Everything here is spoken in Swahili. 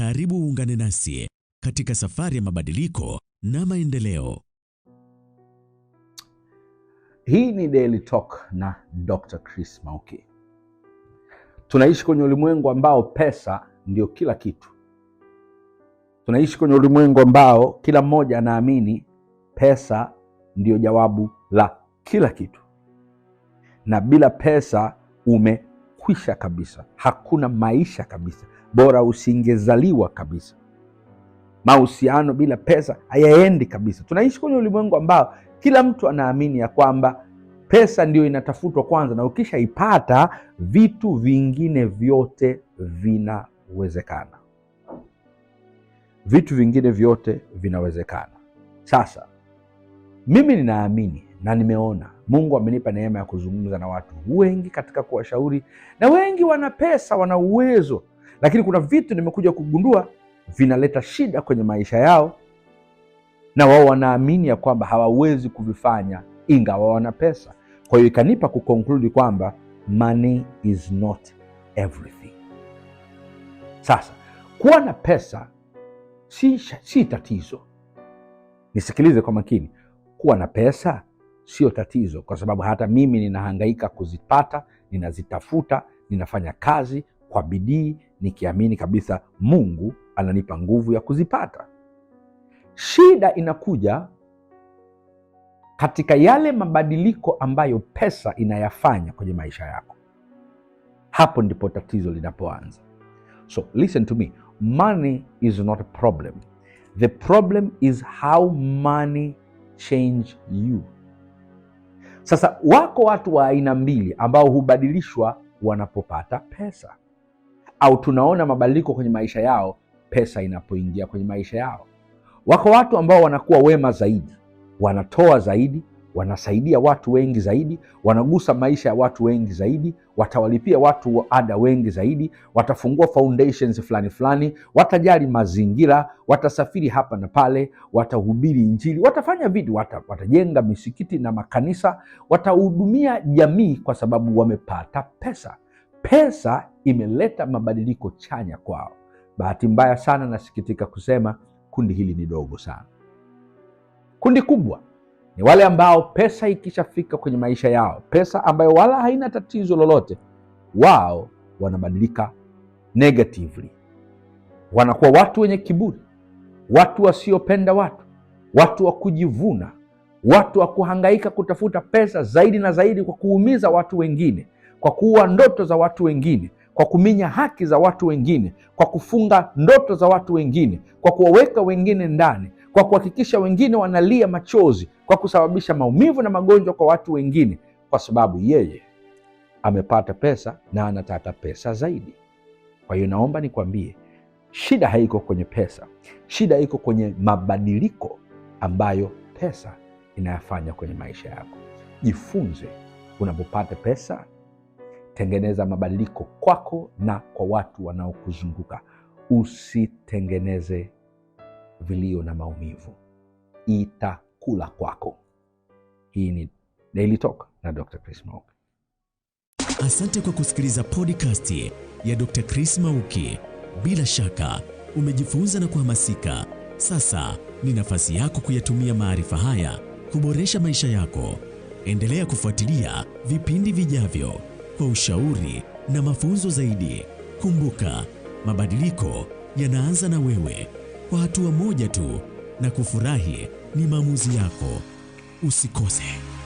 Karibu uungane nasi katika safari ya mabadiliko na maendeleo. Hii ni Daily Talk na Dr. Chris Mauki. Tunaishi kwenye ulimwengu ambao pesa ndio kila kitu. Tunaishi kwenye ulimwengu ambao kila mmoja anaamini pesa ndio jawabu la kila kitu, na bila pesa umekwisha kabisa, hakuna maisha kabisa, bora usingezaliwa kabisa. Mahusiano bila pesa hayaendi kabisa. Tunaishi kwenye ulimwengu ambao kila mtu anaamini ya kwamba pesa ndiyo inatafutwa kwanza, na ukishaipata vitu vingine vyote vinawezekana, vitu vingine vyote vinawezekana. Sasa mimi ninaamini na nimeona Mungu amenipa neema ya kuzungumza na watu wengi katika kuwashauri, na wengi wana pesa, wana uwezo, lakini kuna vitu nimekuja kugundua vinaleta shida kwenye maisha yao, na wao wanaamini ya kwamba hawawezi kuvifanya ingawa wana pesa. Kwa hiyo ikanipa kukonkludi kwamba money is not everything. Sasa kuwa na pesa si, si tatizo. Nisikilize kwa makini, kuwa na pesa sio tatizo, kwa sababu hata mimi ninahangaika kuzipata, ninazitafuta, ninafanya kazi, kwa bidii, nikiamini kabisa Mungu ananipa nguvu ya kuzipata. Shida inakuja katika yale mabadiliko ambayo pesa inayafanya kwenye maisha yako. Hapo ndipo tatizo linapoanza. So listen to me, money is not a problem, the problem is how money change you. Sasa wako watu wa aina mbili ambao hubadilishwa wanapopata pesa au tunaona mabadiliko kwenye maisha yao pesa inapoingia kwenye maisha yao. Wako watu ambao wanakuwa wema zaidi, wanatoa zaidi, wanasaidia watu wengi zaidi, wanagusa maisha ya watu wengi zaidi, watawalipia watu ada wengi zaidi, watafungua foundations fulani fulani, watajali mazingira, watasafiri hapa na pale, watahubiri Injili, watafanya vitu, watajenga misikiti na makanisa, watahudumia jamii kwa sababu wamepata pesa. Pesa imeleta mabadiliko chanya kwao. Bahati mbaya sana, nasikitika kusema kundi hili ni dogo sana. Kundi kubwa ni wale ambao pesa ikishafika kwenye maisha yao, pesa ambayo wala haina tatizo lolote, wao wanabadilika negatively, wanakuwa watu wenye kiburi, watu wasiopenda watu, watu wa kujivuna, watu wa kuhangaika kutafuta pesa zaidi na zaidi kwa kuumiza watu wengine kwa kuua ndoto za watu wengine, kwa kuminya haki za watu wengine, kwa kufunga ndoto za watu wengine, kwa kuwaweka wengine ndani, kwa kuhakikisha wengine wanalia machozi, kwa kusababisha maumivu na magonjwa kwa watu wengine, kwa sababu yeye amepata pesa na anataka pesa zaidi. Kwa hiyo naomba nikwambie, shida haiko kwenye pesa, shida iko kwenye mabadiliko ambayo pesa inayafanya kwenye maisha yako. Jifunze unapopata pesa tengeneza mabadiliko kwako na kwa watu wanaokuzunguka. Usitengeneze vilio na maumivu, itakula kwako. Hii ni Daily Talk na Dr. Chris Mauki. Asante kwa kusikiliza podcasti ya Dr. Chris Mauki. Bila shaka umejifunza na kuhamasika. Sasa ni nafasi yako kuyatumia maarifa haya kuboresha maisha yako. Endelea kufuatilia vipindi vijavyo kukupa ushauri na mafunzo zaidi. Kumbuka, mabadiliko yanaanza na wewe, kwa hatua moja tu, na kufurahi ni maamuzi yako. Usikose.